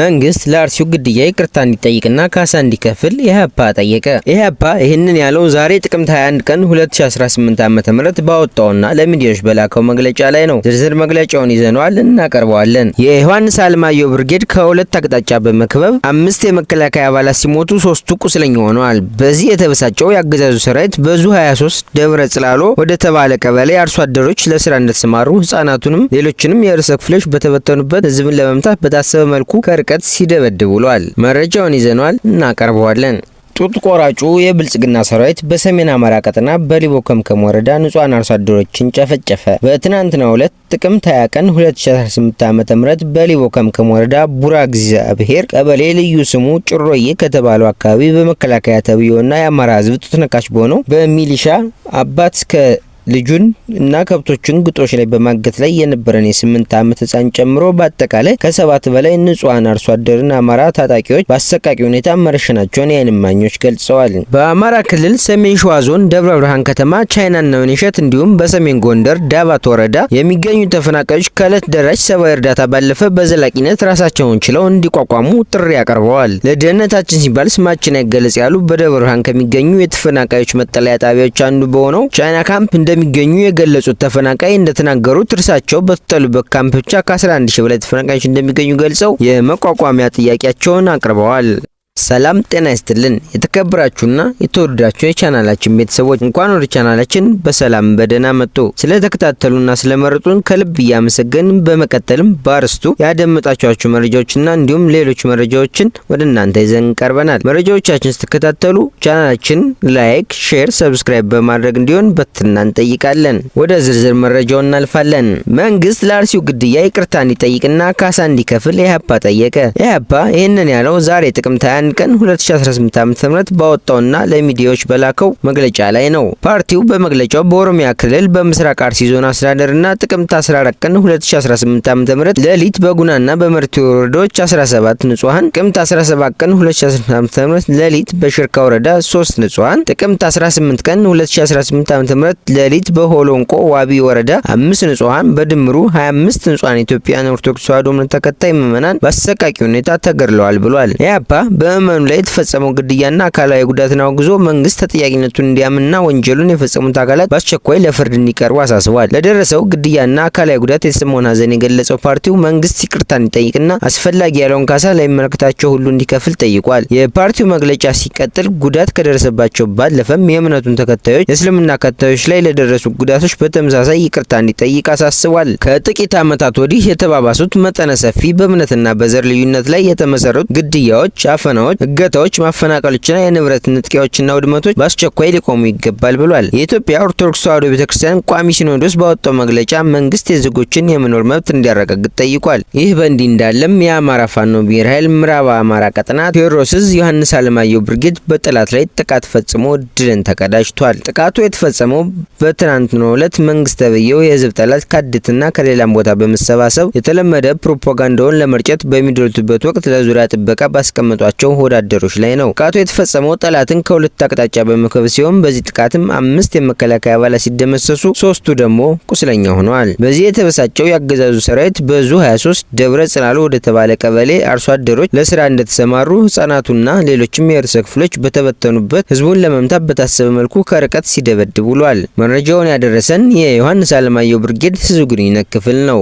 መንግስት ለአርሲው ግድያ ይቅርታ እንዲጠይቅና ካሳ እንዲከፍል ኢህአፓ ጠየቀ። ኢህአፓ ይህንን ያለው ዛሬ ጥቅምት 21 ቀን 2018 ዓ ም ባወጣውና ለሚዲያዎች በላከው መግለጫ ላይ ነው። ዝርዝር መግለጫውን ይዘነዋል እናቀርበዋለን። የዮሐንስ አለማየሁ ብርጌድ ከሁለት አቅጣጫ በመክበብ አምስት የመከላከያ አባላት ሲሞቱ ሶስቱ ቁስለኛ ሆነዋል። በዚህ የተበሳጨው የአገዛዙ ሰራዊት በዙ 23 ደብረ ጽላሎ ወደ ተባለ ቀበሌ አርሶ አደሮች ለስራ እንደተሰማሩ ህጻናቱንም ሌሎችንም የርዕሰ ክፍሎች በተበተኑበት ህዝብን ለመምታት በታሰበ መልኩ ከርቀ በርቀት ሲደበድብ ውሏል። መረጃውን ይዘኗል፣ እናቀርበዋለን። ጡጥ ቆራጩ የብልጽግና ሰራዊት በሰሜን አማራ ቀጠና በሊቦ ከምከም ወረዳ ንጹሃን አርሶ አደሮችን ጨፈጨፈ። በትናንትናው ዕለት ጥቅምት 20 ቀን 2018 ዓ.ም በሊቦ ከምከም ወረዳ ቡራ ብሔር ቀበሌ ልዩ ስሙ ጭሮዬ ከተባለው አካባቢ በመከላከያ ተብዮና የአማራ ሕዝብ ጡት ነካሽ በሆነው በሚሊሻ አባት እስከ ልጁን እና ከብቶችን ግጦሽ ላይ በማገት ላይ የነበረን የስምንት ዓመት ህፃን ጨምሮ በአጠቃላይ ከሰባት በላይ ንጹሐን አርሶ አደርን አማራ ታጣቂዎች በአሰቃቂ ሁኔታ መረሸናቸውን የዓይን እማኞች ገልጸዋል። በአማራ ክልል ሰሜን ሸዋ ዞን ደብረ ብርሃን ከተማ ቻይናና ወይንሸት እንዲሁም በሰሜን ጎንደር ዳባት ወረዳ የሚገኙ ተፈናቃዮች ከእለት ደራሽ ሰብአዊ እርዳታ ባለፈ በዘላቂነት ራሳቸውን ችለው እንዲቋቋሙ ጥሪ አቅርበዋል። ለደህንነታችን ሲባል ስማችን አይገለጽ ያሉ በደብረ ብርሃን ከሚገኙ የተፈናቃዮች መጠለያ ጣቢያዎች አንዱ በሆነው ቻይና ካምፕ እንደ እንደሚገኙ የገለጹት ተፈናቃይ እንደተናገሩት እርሳቸው በተጠሉበት ካምፕ ብቻ ከ11 ሺህ በላይ ተፈናቃዮች እንደሚገኙ ገልጸው የመቋቋሚያ ጥያቄያቸውን አቅርበዋል። ሰላም ጤና ይስጥልን። የተከበራችሁና የተወደዳችሁ የቻናላችን ቤተሰቦች እንኳን ወደ ቻናላችን በሰላም በደህና መጡ። ስለተከታተሉና ስለመረጡን ከልብ እያመሰገን በመቀጠልም በአርስቱ ያደመጣችኋችሁ መረጃዎችና እንዲሁም ሌሎች መረጃዎችን ወደ እናንተ ይዘን ቀርበናል። መረጃዎቻችን ስትከታተሉ ቻናላችን ላይክ፣ ሼር፣ ሰብስክራይብ በማድረግ እንዲሆን በትህትና እንጠይቃለን። ወደ ዝርዝር መረጃው እናልፋለን። መንግስት ለአርሲው ግድያ ይቅርታ እንዲጠይቅና ካሳ እንዲከፍል ኢህአፓ ጠየቀ። ኢህአፓ ይህንን ያለው ዛሬ ጥቅምት 21 ቀን 2018 ዓ.ም ባወጣውና ለሚዲያዎች በላከው መግለጫ ላይ ነው። ፓርቲው በመግለጫው በኦሮሚያ ክልል በምስራቅ አርሲ ዞን አስተዳደርና ጥቅምት 14 ቀን 2018 ዓ.ም ሌሊት በጉናና በመርቲ ወረዳዎች 17 ንጹሃን፣ ጥቅምት 17 ቀን 2018 ዓ.ም ሌሊት በሽርካ ወረዳ 3 ንጹሃን፣ ጥቅምት 18 ቀን 2018 ዓ.ም ሌሊት በሆሎንቆ ዋቢ ወረዳ 5 ንጹሃን በድምሩ 25 ንጹሃን ኢትዮጵያን ኦርቶዶክስ ተዋሕዶ እምነት ተከታይ ምዕመናን በአሰቃቂ ሁኔታ ተገድለዋል ብሏል። በ በመኑ ላይ የተፈጸመው ግድያና አካላዊ ጉዳትን አውግዞ መንግስት ተጠያቂነቱን እንዲያምንና ወንጀሉን የፈጸሙት አካላት በአስቸኳይ ለፍርድ እንዲቀርቡ አሳስቧል። ለደረሰው ግድያና አካላዊ ጉዳት የተሰማውን ሀዘን የገለጸው ፓርቲው መንግስት ይቅርታ እንዲጠይቅና አስፈላጊ ያለውን ካሳ ለሚመለከታቸው ሁሉ እንዲከፍል ጠይቋል። የፓርቲው መግለጫ ሲቀጥል ጉዳት ከደረሰባቸው ባለፈም የእምነቱን ተከታዮች የእስልምና ተከታዮች ላይ ለደረሱ ጉዳቶች በተመሳሳይ ይቅርታ እንዲጠይቅ አሳስቧል። ከጥቂት ዓመታት ወዲህ የተባባሱት መጠነ ሰፊ በእምነትና በዘር ልዩነት ላይ የተመሰረቱ ግድያዎች፣ አፈናዎች አድማዎች፣ እገታዎች፣ ማፈናቀሎችና የንብረት ንጥቂያዎችና ውድመቶች በአስቸኳይ ሊቆሙ ይገባል ብሏል። የኢትዮጵያ ኦርቶዶክስ ተዋሕዶ ቤተክርስቲያን ቋሚ ሲኖዶስ ባወጣው መግለጫ መንግስት የዜጎችን የመኖር መብት እንዲያረጋግጥ ጠይቋል። ይህ በእንዲህ እንዳለም የአማራ ፋኖ ብሔር ኃይል ምዕራብ አማራ ቀጠና ቴዎድሮስዝ ዮሐንስ አለማየሁ ብርጌድ በጠላት ላይ ጥቃት ፈጽሞ ድልን ተቀዳጅቷል። ጥቃቱ የተፈጸመው በትናንትናው ዕለት መንግስት ተብዬው የህዝብ ጠላት ካድትና ከሌላም ቦታ በመሰባሰብ የተለመደ ፕሮፓጋንዳውን ለመርጨት በሚደርሱበት ወቅት ለዙሪያ ጥበቃ ባስቀመጧቸው በሚያደርሳቸው ወዳደሮች ላይ ነው። ጥቃቱ የተፈጸመው ጠላትን ከሁለት አቅጣጫ በመክበብ ሲሆን በዚህ ጥቃትም አምስት የመከላከያ አባላት ሲደመሰሱ ሶስቱ ደግሞ ቁስለኛ ሆነዋል። በዚህ የተበሳጨው የአገዛዙ ሰራዊት በዙ 23 ደብረ ጽላሎ ወደ ተባለ ቀበሌ አርሶ አደሮች ለስራ እንደተሰማሩ ህጻናቱና ሌሎችም የርዕሰ ክፍሎች በተበተኑበት ህዝቡን ለመምታት በታሰበ መልኩ ከርቀት ሲደበድብ ውሏል። መረጃውን ያደረሰን የዮሐንስ አለማየሁ ብርጌድ ህዝብ ግንኙነት ክፍል ነው።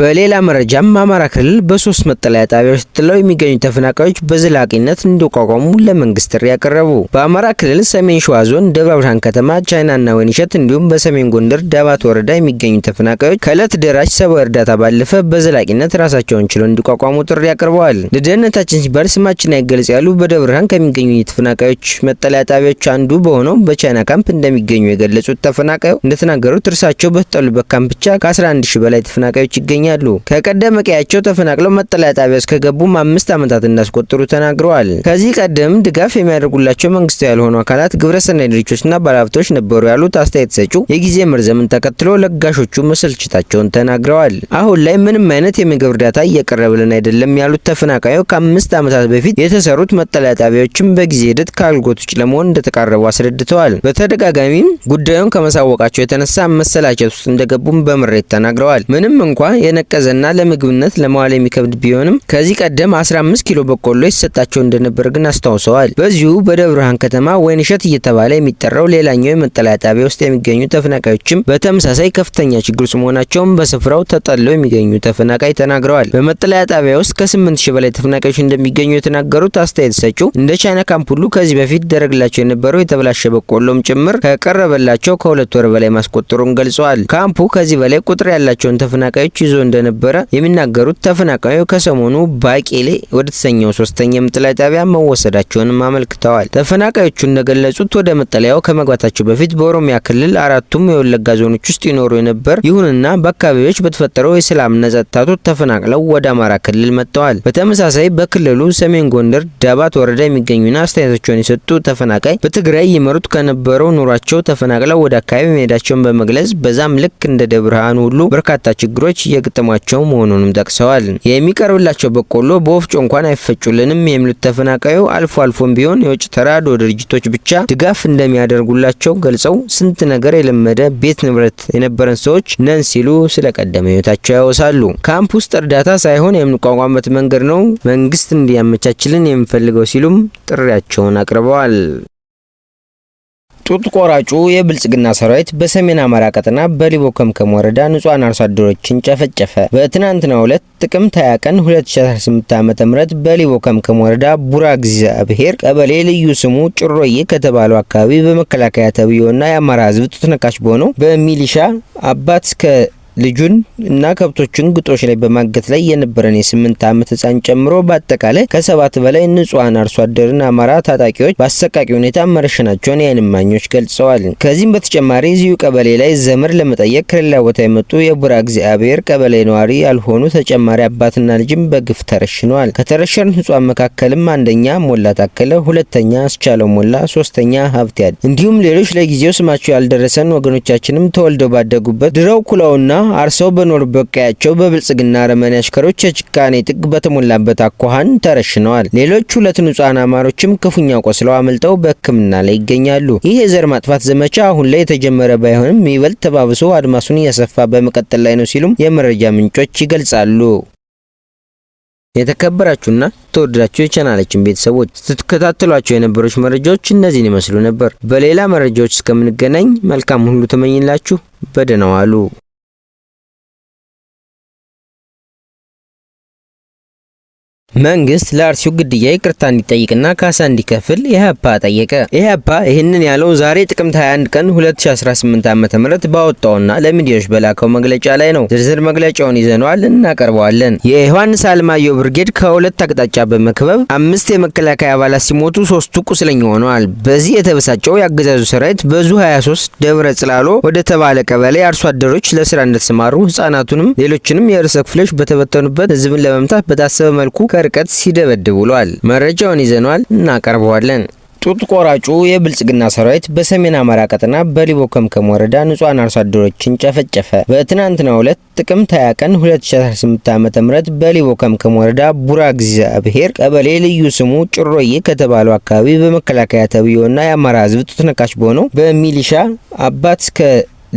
በሌላ መረጃም አማራ ክልል በሶስት መጠለያ ጣቢያዎች ጥለው የሚገኙ ተፈናቃዮች በዘላቂነት እንዲቋቋሙ ለመንግስት ጥሪ ያቀረቡ። በአማራ ክልል ሰሜን ሸዋ ዞን ደብረ ብርሃን ከተማ ቻይናና ወይንሸት እንዲሁም በሰሜን ጎንደር ዳባት ወረዳ የሚገኙ ተፈናቃዮች ከዕለት ደራሽ ሰብዓዊ እርዳታ ባለፈ በዘላቂነት ራሳቸውን ችለው እንዲቋቋሙ ጥሪ አቅርበዋል። ለደህንነታችን ሲባል ስማችን አይገለጽ ያሉ በደብረ ብርሃን ከሚገኙ የተፈናቃዮች መጠለያ ጣቢያዎች አንዱ በሆነው በቻይና ካምፕ እንደሚገኙ የገለጹት ተፈናቃዩ እንደተናገሩት እርሳቸው በተጠሉበት ካምፕ ብቻ ከ11 ሺ በላይ ተፈናቃዮች ይገኛሉ። ይገኛሉ። ከቀደመ ቀያቸው ተፈናቅለው መጠለያ ጣቢያ እስከገቡም አምስት ዓመታት እንዳስቆጠሩ ተናግረዋል። ከዚህ ቀደም ድጋፍ የሚያደርጉላቸው መንግስታዊ ያልሆኑ አካላት ግብረሰናይ ድርጅቶችና ባለሀብቶች ነበሩ ያሉት አስተያየት ሰጪው የጊዜ መርዘምን ተከትሎ ለጋሾቹ መሰልቸታቸውን ተናግረዋል። አሁን ላይ ምንም አይነት የምግብ እርዳታ እየቀረበልን አይደለም ያሉት ተፈናቃዩ ከአምስት ዓመታት በፊት የተሰሩት መጠለያ ጣቢያዎችም በጊዜ ሂደት ከአገልግሎት ውጭ ለመሆን እንደተቃረቡ አስረድተዋል። በተደጋጋሚም ጉዳዩን ከመሳወቃቸው የተነሳ መሰላቸት ውስጥ እንደገቡም በምሬት ተናግረዋል። ምንም እንኳ የነቀዘና ለምግብነት ለመዋል የሚከብድ ቢሆንም ከዚህ ቀደም 15 ኪሎ በቆሎ ይሰጣቸው እንደነበር ግን አስታውሰዋል። በዚሁ በደብረ ብርሃን ከተማ ወይንሸት እየተባለ የሚጠራው ሌላኛው የመጠለያ ጣቢያ ውስጥ የሚገኙ ተፈናቃዮችም በተመሳሳይ ከፍተኛ ችግር ውስጥ መሆናቸውን በስፍራው ተጠለው የሚገኙ ተፈናቃይ ተናግረዋል። በመጠለያ ጣቢያ ውስጥ ከ8 ሺህ በላይ ተፈናቃዮች እንደሚገኙ የተናገሩት አስተያየት ሰጪው እንደ ቻይና ካምፕ ሁሉ ከዚህ በፊት ደረግላቸው የነበረው የተበላሸ በቆሎም ጭምር ከቀረበላቸው ከሁለት ወር በላይ ማስቆጠሩን ገልጸዋል። ካምፑ ከዚህ በላይ ቁጥር ያላቸውን ተፈናቃዮች ይዞ እንደነበረ የሚናገሩት ተፈናቃዩ ከሰሞኑ ባቄሌ ወደ ተሰኘው ሶስተኛ የምጥላ ጣቢያ መወሰዳቸውንም አመልክተዋል። ተፈናቃዮቹ እንደገለጹት ወደ መጠለያው ከመግባታቸው በፊት በኦሮሚያ ክልል አራቱም የወለጋ ዞኖች ውስጥ ይኖሩ የነበር፣ ይሁንና በአካባቢዎች በተፈጠረው የሰላምና ጸጥታ ተፈናቅለው ወደ አማራ ክልል መጥተዋል። በተመሳሳይ በክልሉ ሰሜን ጎንደር ዳባት ወረዳ የሚገኙና አስተያየታቸውን የሰጡ ተፈናቃይ በትግራይ ይመሩት ከነበረው ኑሯቸው ተፈናቅለው ወደ አካባቢ መሄዳቸውን በመግለጽ በዛም ልክ እንደ ደብረ ሁሉ በርካታ ችግሮች እየገጠሟቸው መሆኑንም ጠቅሰዋል። የሚቀርብላቸው በቆሎ በወፍጮ እንኳን አይፈጩልንም የሚሉት ተፈናቃዩ አልፎ አልፎም ቢሆን የውጭ ተራድኦ ድርጅቶች ብቻ ድጋፍ እንደሚያደርጉላቸው ገልጸው ስንት ነገር የለመደ ቤት ንብረት የነበረን ሰዎች ነን ሲሉ ስለ ቀደመ ህይወታቸው ያወሳሉ። ካምፕ ውስጥ እርዳታ ሳይሆን የምንቋቋምበት መንገድ ነው መንግስት እንዲያመቻችልን የምንፈልገው ሲሉም ጥሪያቸውን አቅርበዋል። ጡት ቆራጩ የብልጽግና ሰራዊት በሰሜን አማራ ቀጠና በሊቦ ከምከም ወረዳ ንጹሃን አርሶ አደሮችን ጨፈጨፈ። በትናንትናው ዕለት ጥቅምት 20 ቀን 2018 ዓ.ም በሊቦ ከምከም ወረዳ ቡራ እግዚአብሔር ቀበሌ ልዩ ስሙ ጭሮዬ ከተባለው አካባቢ በመከላከያ ተብዮና የአማራ ህዝብ ጡት ነካሽ በሆነው በሚሊሻ አባት እስከ ልጁን እና ከብቶችን ግጦሽ ላይ በማገት ላይ የነበረን የስምንት ዓመት ህጻን ጨምሮ በአጠቃላይ ከሰባት በላይ ንጹሐን አርሶ አደርን አማራ ታጣቂዎች በአሰቃቂ ሁኔታ መረሸናቸውን የዓይን እማኞች ገልጸዋል። ከዚህም በተጨማሪ እዚሁ ቀበሌ ላይ ዘመድ ለመጠየቅ ከሌላ ቦታ የመጡ የቡራ እግዚአብሔር ቀበሌ ነዋሪ ያልሆኑ ተጨማሪ አባትና ልጅም በግፍ ተረሽነዋል። ከተረሸኑት ንጹሐን መካከልም አንደኛ ሞላ ታከለ፣ ሁለተኛ አስቻለው ሞላ፣ ሶስተኛ ሀብትያድ እንዲሁም ሌሎች ለጊዜው ስማቸው ያልደረሰን ወገኖቻችንም ተወልደው ባደጉበት ድረው ኩላውና አርሰው በኖሩበት ቀያቸው በብልጽግና አረመኔ አሽከሮች የጭካኔ ጥግ በተሞላበት አኳኋን ተረሽነዋል። ሌሎች ሁለት ንጹሐን አማሮችም ክፉኛ ቆስለው አመልጠው በሕክምና ላይ ይገኛሉ። ይህ የዘር ማጥፋት ዘመቻ አሁን ላይ የተጀመረ ባይሆንም ይበልጥ ተባብሶ አድማሱን እያሰፋ በመቀጠል ላይ ነው ሲሉም የመረጃ ምንጮች ይገልጻሉ። የተከበራችሁና ተወደዳችሁ የቻናላችን ቤተሰቦች ስትከታተሏቸው የነበሩት መረጃዎች እነዚህን ይመስሉ ነበር። በሌላ መረጃዎች እስከምንገናኝ መልካም ሁሉ ተመኝላችሁ በደህና ዋሉ። መንግስት ለአርሲው ግድያ ይቅርታ እንዲጠይቅና ካሳ እንዲከፍል ኢህአፓ ጠየቀ። ኢህአፓ ይህንን ያለው ዛሬ ጥቅምት 21 ቀን 2018 ዓ.ም ባወጣውና ለሚዲያዎች በላከው መግለጫ ላይ ነው። ዝርዝር መግለጫውን ይዘነዋል፣ እናቀርበዋለን። የዮሐንስ አለማየሁ ብርጌድ ከሁለት አቅጣጫ በመክበብ አምስት የመከላከያ አባላት ሲሞቱ ሶስቱ ቁስለኛ ሆነዋል። በዚህ የተበሳጨው የአገዛዙ ሰራዊት በዙ 23 ደብረ ጽላሎ ወደ ተባለ ቀበሌ አርሶ አደሮች ለስራ እንደተሰማሩ ህጻናቱንም ሌሎችንም የርዕሰ ክፍሎች በተበተኑበት ህዝብን ለመምታት በታሰበ መልኩ በርቀት ሲደበድብ ውሏል። መረጃውን ይዘኗል፣ እናቀርበዋለን። ጡጥ ቆራጩ የብልጽግና ሰራዊት በሰሜን አማራ ቀጠና በሊቦ ከምከም ወረዳ ንጹሃን አርሶ አደሮችን ጨፈጨፈ። በትናንትናው ዕለት ጥቅምት 20 ቀን 2018 ዓ.ም በሊቦ ከምከም ወረዳ ቡራ እግዚአብሔር ቀበሌ ልዩ ስሙ ጭሮዬ ከተባለው አካባቢ በመከላከያ ተብዮና የአማራ ሕዝብ ጡት ነካሽ በሆነው በሚሊሻ አባት እስከ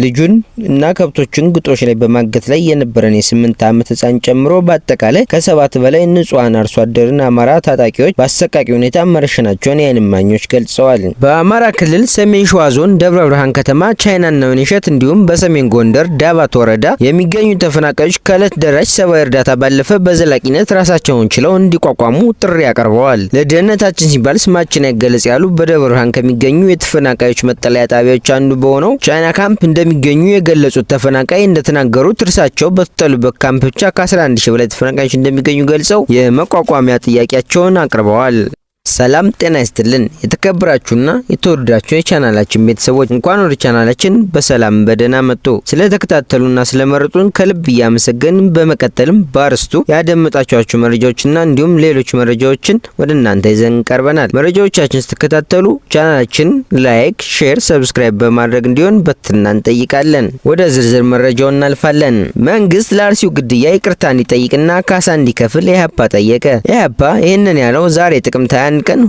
ልጁን እና ከብቶችን ግጦሽ ላይ በማገት ላይ የነበረን የስምንት ዓመት ህፃን ጨምሮ በአጠቃላይ ከሰባት በላይ ንጹሐን አርሶ አደርን አማራ ታጣቂዎች በአሰቃቂ ሁኔታ መረሸናቸውን የዓይን እማኞች ገልጸዋል። በአማራ ክልል ሰሜን ሸዋ ዞን ደብረ ብርሃን ከተማ ቻይናና ወይንሸት እንዲሁም በሰሜን ጎንደር ዳባት ወረዳ የሚገኙ ተፈናቃዮች ከእለት ደራሽ ሰብአዊ እርዳታ ባለፈ በዘላቂነት ራሳቸውን ችለው እንዲቋቋሙ ጥሪ አቅርበዋል። ለደህንነታችን ሲባል ስማችን አይገለጽ ያሉ በደብረ ብርሃን ከሚገኙ የተፈናቃዮች መጠለያ ጣቢያዎች አንዱ በሆነው ቻይና ካምፕ እንደ እንደሚገኙ የገለጹት ተፈናቃይ እንደተናገሩት እርሳቸው በተጠሉበት ካምፕ ብቻ ከ11 ሺህ በላይ ተፈናቃዮች እንደሚገኙ ገልጸው የመቋቋሚያ ጥያቄያቸውን አቅርበዋል። ሰላም ጤና ይስጥልን የተከበራችሁና የተወደዳችሁ የቻናላችን ቤተሰቦች እንኳን ወደ ቻናላችን በሰላም በደህና መጡ። ስለተከታተሉና ስለመረጡን ከልብ እያመሰገንን በመቀጠልም በአርስቱ ያደመጣችኋቸው መረጃዎችና እንዲሁም ሌሎች መረጃዎችን ወደ እናንተ ይዘን ቀርበናል። መረጃዎቻችን ስትከታተሉ ቻናላችን ላይክ፣ ሼር፣ ሰብስክራይብ በማድረግ እንዲሆን በትህትና እንጠይቃለን። ወደ ዝርዝር መረጃው እናልፋለን። መንግስት ለአርሲው ግድያ ይቅርታ እንዲጠይቅና ካሳ እንዲከፍል ኢህአፓ ጠየቀ። ኢህአፓ ይህንን ያለው ዛሬ ጥቅምት 21 ቀን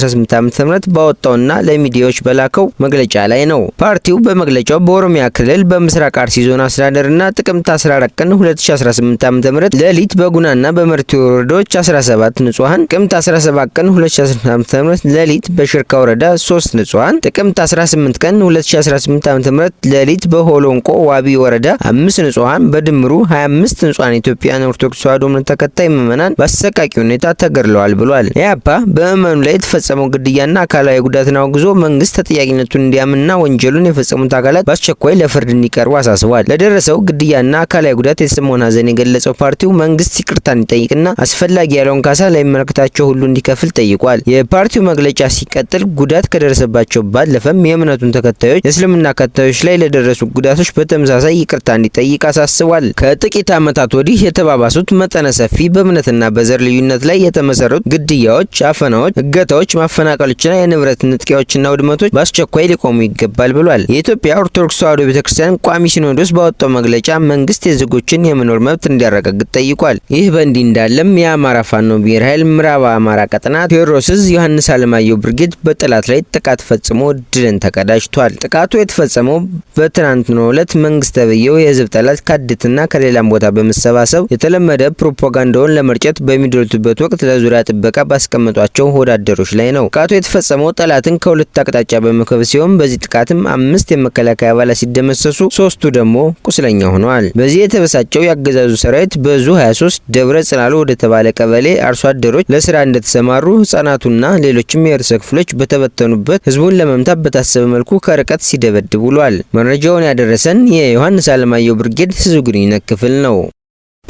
2018 ዓ.ም ባወጣውና ለሚዲያዎች በላከው መግለጫ ላይ ነው። ፓርቲው በመግለጫው በኦሮሚያ ክልል በምስራቅ አርሲ ዞን አስተዳደርና ጥቅምት 14 ቀን 2018 ዓ.ም ሌሊት በጉናና በመርቲ ወረዳዎች 17 ንጹሃን፣ ጥቅምት 17 ቀን 2018 ዓ.ም ሌሊት በሽርካ ወረዳ 3 ንጹሃን፣ ጥቅምት 18 ቀን 2018 ዓ.ም ሌሊት በሆሎንቆ ዋቢ ወረዳ 5 ንጹሃን በድምሩ 25 ንጹሃን ኢትዮጵያን ኦርቶዶክስ ተዋሕዶ እምነት ተከታይ ምዕመናን በአሰቃቂ ሁኔታ ተገድለዋል ብሏል። በ በምዕመኑ ላይ የተፈጸመው ግድያና አካላዊ ጉዳትን አውግዞ መንግስት ተጠያቂነቱን እንዲያምንና ወንጀሉን የፈጸሙት አካላት በአስቸኳይ ለፍርድ እንዲቀርቡ አሳስቧል። ለደረሰው ግድያና አካላዊ ጉዳት የተሰማውን ሀዘን የገለጸው ፓርቲው መንግስት ይቅርታ እንዲጠይቅና አስፈላጊ ያለውን ካሳ ለሚመለከታቸው ሁሉ እንዲከፍል ጠይቋል። የፓርቲው መግለጫ ሲቀጥል ጉዳት ከደረሰባቸው ባለፈም የእምነቱን ተከታዮች የእስልምና ተከታዮች ላይ ለደረሱ ጉዳቶች በተመሳሳይ ይቅርታ እንዲጠይቅ አሳስቧል። ከጥቂት ዓመታት ወዲህ የተባባሱት መጠነ ሰፊ በእምነትና በዘር ልዩነት ላይ የተመሰረቱ ግድያዎች፣ አፈናው አድማዎች፣ እገታዎች፣ ማፈናቀሎችና የንብረት ንጥቂያዎችና ውድመቶች በአስቸኳይ ሊቆሙ ይገባል ብሏል። የኢትዮጵያ ኦርቶዶክስ ተዋሕዶ ቤተክርስቲያን ቋሚ ሲኖዶስ ባወጣው መግለጫ መንግስት የዜጎችን የመኖር መብት እንዲያረጋግጥ ጠይቋል። ይህ በእንዲህ እንዳለም የአማራ ፋኖ ብሔር ኃይል ምዕራብ አማራ ቀጠና ቴዎድሮስዝ ዮሐንስ አለማየሁ ብርጌድ በጠላት ላይ ጥቃት ፈጽሞ ድልን ተቀዳጅቷል። ጥቃቱ የተፈጸመው በትናንትናው ዕለት መንግስት ተብዬው የህዝብ ጠላት ከአዲትና ከሌላም ቦታ በመሰባሰብ የተለመደ ፕሮፓጋንዳውን ለመርጨት በሚደሉትበት ወቅት ለዙሪያ ጥበቃ ባስቀመጧቸው ወዳደሮች ላይ ነው። ጥቃቱ የተፈጸመው ጠላትን ከሁለት አቅጣጫ በመክበብ ሲሆን በዚህ ጥቃትም አምስት የመከላከያ አባላት ሲደመሰሱ ሶስቱ ደግሞ ቁስለኛ ሆነዋል። በዚህ የተበሳጨው የአገዛዙ ሰራዊት በዙ 23 ደብረ ጽላሎ ወደ ተባለ ቀበሌ አርሶ አደሮች ለስራ እንደተሰማሩ ህጻናቱና ሌሎችም የርዕሰ ክፍሎች በተበተኑበት ህዝቡን ለመምታት በታሰበ መልኩ ከርቀት ሲደበድብ ውሏል። መረጃውን ያደረሰን የዮሐንስ አለማየሁ ብርጌድ ህዝብ ግንኙነት ክፍል ነው።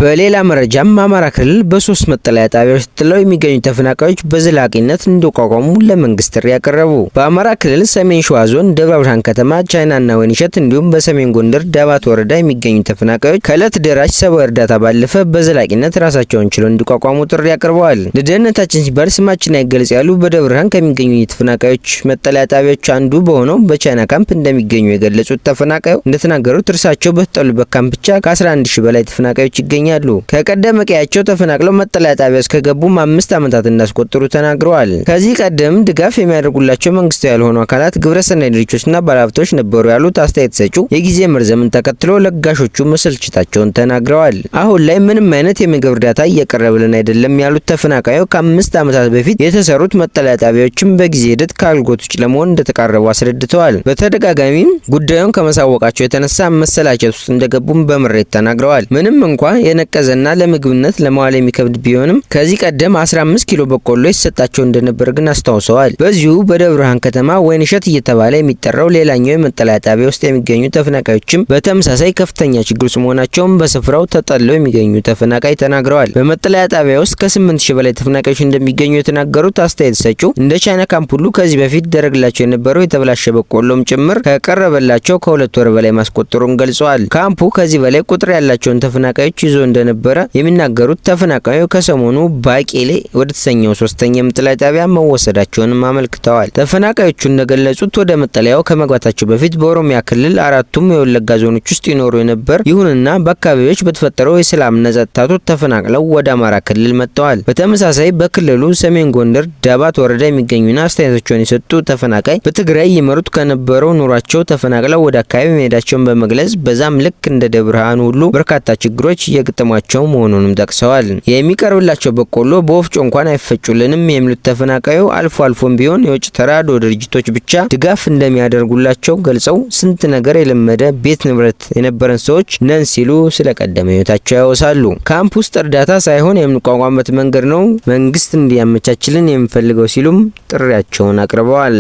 በሌላ መረጃም አማራ ክልል በሶስት መጠለያ ጣቢያዎች ተጥለው የሚገኙ ተፈናቃዮች በዘላቂነት እንዲቋቋሙ ለመንግስት ጥሪ ያቀረቡ። በአማራ ክልል ሰሜን ሸዋ ዞን ደብረ ብርሃን ከተማ ቻይናና ወይንሸት እንዲሁም በሰሜን ጎንደር ዳባት ወረዳ የሚገኙ ተፈናቃዮች ከዕለት ደራሽ ሰብዓዊ እርዳታ ባለፈ በዘላቂነት ራሳቸውን ችለው እንዲቋቋሙ ጥሪ አቅርበዋል። ለደህንነታችን ሲባል ስማችን አይገለጽ ያሉ በደብረ ብርሃን ከሚገኙ የተፈናቃዮች መጠለያ ጣቢያዎች አንዱ በሆነው በቻይና ካምፕ እንደሚገኙ የገለጹት ተፈናቃዩ እንደተናገሩት እርሳቸው በተጠሉበት ካምፕ ብቻ ከ11 ሺ በላይ ተፈናቃዮች ይገኛል። ይገኛሉ። ከቀደም ቀያቸው ተፈናቅለው መጠለያ ጣቢያ ውስጥ ከገቡም አምስት ዓመታት እንዳስቆጠሩ ተናግረዋል። ከዚህ ቀደም ድጋፍ የሚያደርጉላቸው መንግስታዊ ያልሆኑ አካላት፣ ግብረሰናይ ድርጅቶችና ባለሀብቶች ነበሩ ያሉት አስተያየት ሰጪው የጊዜ መርዘምን ተከትሎ ለጋሾቹ መሰልቸታቸውን ተናግረዋል። አሁን ላይ ምንም አይነት የምግብ እርዳታ እየቀረበልን አይደለም ያሉት ተፈናቃዩ ከአምስት ዓመታት በፊት የተሰሩት መጠለያ ጣቢያዎችም በጊዜ ሂደት ከአገልግሎት ውጭ ለመሆን እንደተቃረቡ አስረድተዋል። በተደጋጋሚም ጉዳዩን ከመሳወቃቸው የተነሳ መሰላቸት ውስጥ እንደገቡም በምሬት ተናግረዋል። ምንም እንኳ የነቀዘና ለምግብነት ለመዋል የሚከብድ ቢሆንም ከዚህ ቀደም 15 ኪሎ በቆሎ ይሰጣቸው እንደነበር ግን አስታውሰዋል። በዚሁ በደብረ ብርሃን ከተማ ወይንሸት እየተባለ የሚጠራው ሌላኛው የመጠለያ ጣቢያ ውስጥ የሚገኙ ተፈናቃዮችም በተመሳሳይ ከፍተኛ ችግር ውስጥ መሆናቸውን በስፍራው ተጠለው የሚገኙ ተፈናቃይ ተናግረዋል። በመጠለያ ጣቢያ ውስጥ ከ8 ሺህ በላይ ተፈናቃዮች እንደሚገኙ የተናገሩት አስተያየት ሰጪው እንደ ቻይና ካምፕ ሁሉ ከዚህ በፊት ደረግላቸው የነበረው የተበላሸ በቆሎም ጭምር ከቀረበላቸው ከሁለት ወር በላይ ማስቆጠሩን ገልጸዋል። ካምፑ ከዚህ በላይ ቁጥር ያላቸውን ተፈናቃዮች ይዞ እንደነበረ የሚናገሩት ተፈናቃዩ ከሰሞኑ ባቄሌ ወደ ተሰኘው ሶስተኛ የመጠለያ ጣቢያ መወሰዳቸውንም አመልክተዋል። ተፈናቃዮቹ እንደገለጹት ወደ መጠለያው ከመግባታቸው በፊት በኦሮሚያ ክልል አራቱም የወለጋ ዞኖች ውስጥ ይኖሩ የነበር፣ ይሁንና በአካባቢዎች በተፈጠረው የሰላምና ጸጥታ ተፈናቅለው ወደ አማራ ክልል መጥተዋል። በተመሳሳይ በክልሉ ሰሜን ጎንደር ዳባት ወረዳ የሚገኙና አስተያየታቸውን የሰጡ ተፈናቃይ በትግራይ ይመሩት ከነበረው ኑሯቸው ተፈናቅለው ወደ አካባቢ መሄዳቸውን በመግለጽ በዛም ልክ እንደ ደብረ ሁሉ በርካታ ችግሮች እየገጠማቸው መሆኑንም ጠቅሰዋል። የሚቀርብላቸው በቆሎ በወፍጮ እንኳን አይፈጩልንም የሚሉት ተፈናቃዩ አልፎ አልፎም ቢሆን የውጭ ተራድኦ ድርጅቶች ብቻ ድጋፍ እንደሚያደርጉላቸው ገልጸው ስንት ነገር የለመደ ቤት ንብረት የነበረን ሰዎች ነን ሲሉ ስለ ቀደመ ህይወታቸው ያወሳሉ። ካምፕ ውስጥ እርዳታ ሳይሆን የምንቋቋምበት መንገድ ነው መንግስት እንዲያመቻችልን የምፈልገው ሲሉም ጥሪያቸውን አቅርበዋል።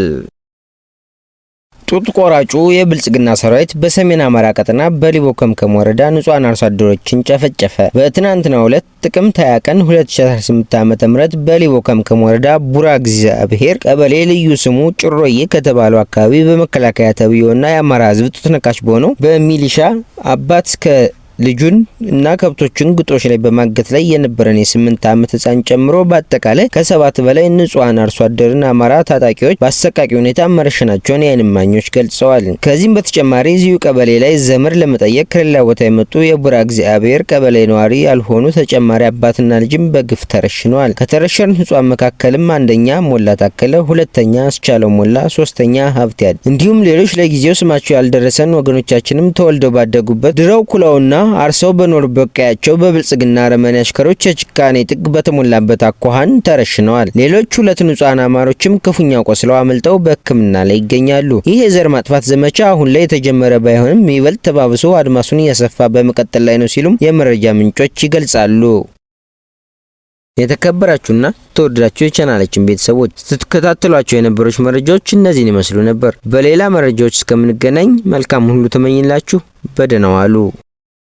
ጡት ቆራጩ የብልጽግና ሰራዊት በሰሜን አማራ ቀጠና በሊቦ ከምከም ወረዳ ንጹሐን አርሶ አደሮችን ጨፈጨፈ። በትናንትናው ዕለት ጥቅምት 20 ቀን 2018 ዓ ም በሊቦ ከምከም ወረዳ ቡራ እግዚአብሔር ቀበሌ ልዩ ስሙ ጭሮዬ ከተባለው አካባቢ በመከላከያ ተብዮና የአማራ ህዝብ ጡት ነካሽ በሆነው በሚሊሻ አባት እስከ ልጁን እና ከብቶችን ግጦሽ ላይ በማገት ላይ የነበረን የስምንት ዓመት ህፃን ጨምሮ በአጠቃላይ ከሰባት በላይ ንጹሐን አርሶ አደርን አማራ ታጣቂዎች በአሰቃቂ ሁኔታ መረሸናቸውን የዓይን እማኞች ገልጸዋል። ከዚህም በተጨማሪ እዚሁ ቀበሌ ላይ ዘመድ ለመጠየቅ ከሌላ ቦታ የመጡ የቡራ እግዚአብሔር ቀበሌ ነዋሪ ያልሆኑ ተጨማሪ አባትና ልጅም በግፍ ተረሽነዋል። ከተረሸኑት ንጹሐን መካከልም አንደኛ ሞላ ታከለ፣ ሁለተኛ አስቻለው ሞላ፣ ሶስተኛ ሀብትያድ እንዲሁም ሌሎች ለጊዜው ስማቸው ያልደረሰን ወገኖቻችንም ተወልደው ባደጉበት ድረው ኩላውና አርሰው በኖሩበት ቀያቸው በብልጽግና አረመኔ አሽከሮች የጭካኔ ጥግ በተሞላበት አኳኋን ተረሽነዋል። ሌሎች ሁለት ንጹሐን አማሮችም ክፉኛ ቆስለው አመልጠው በሕክምና ላይ ይገኛሉ። ይህ የዘር ማጥፋት ዘመቻ አሁን ላይ የተጀመረ ባይሆንም ይበልጥ ተባብሶ አድማሱን እያሰፋ በመቀጠል ላይ ነው ሲሉም የመረጃ ምንጮች ይገልጻሉ። የተከበራችሁና ተወደዳችሁ የቻናላችን ቤተሰቦች ስትከታተሏቸው የነበሮች መረጃዎች እነዚህን ይመስሉ ነበር። በሌላ መረጃዎች እስከምንገናኝ መልካም ሁሉ ተመኝላችሁ በደህና ዋሉ።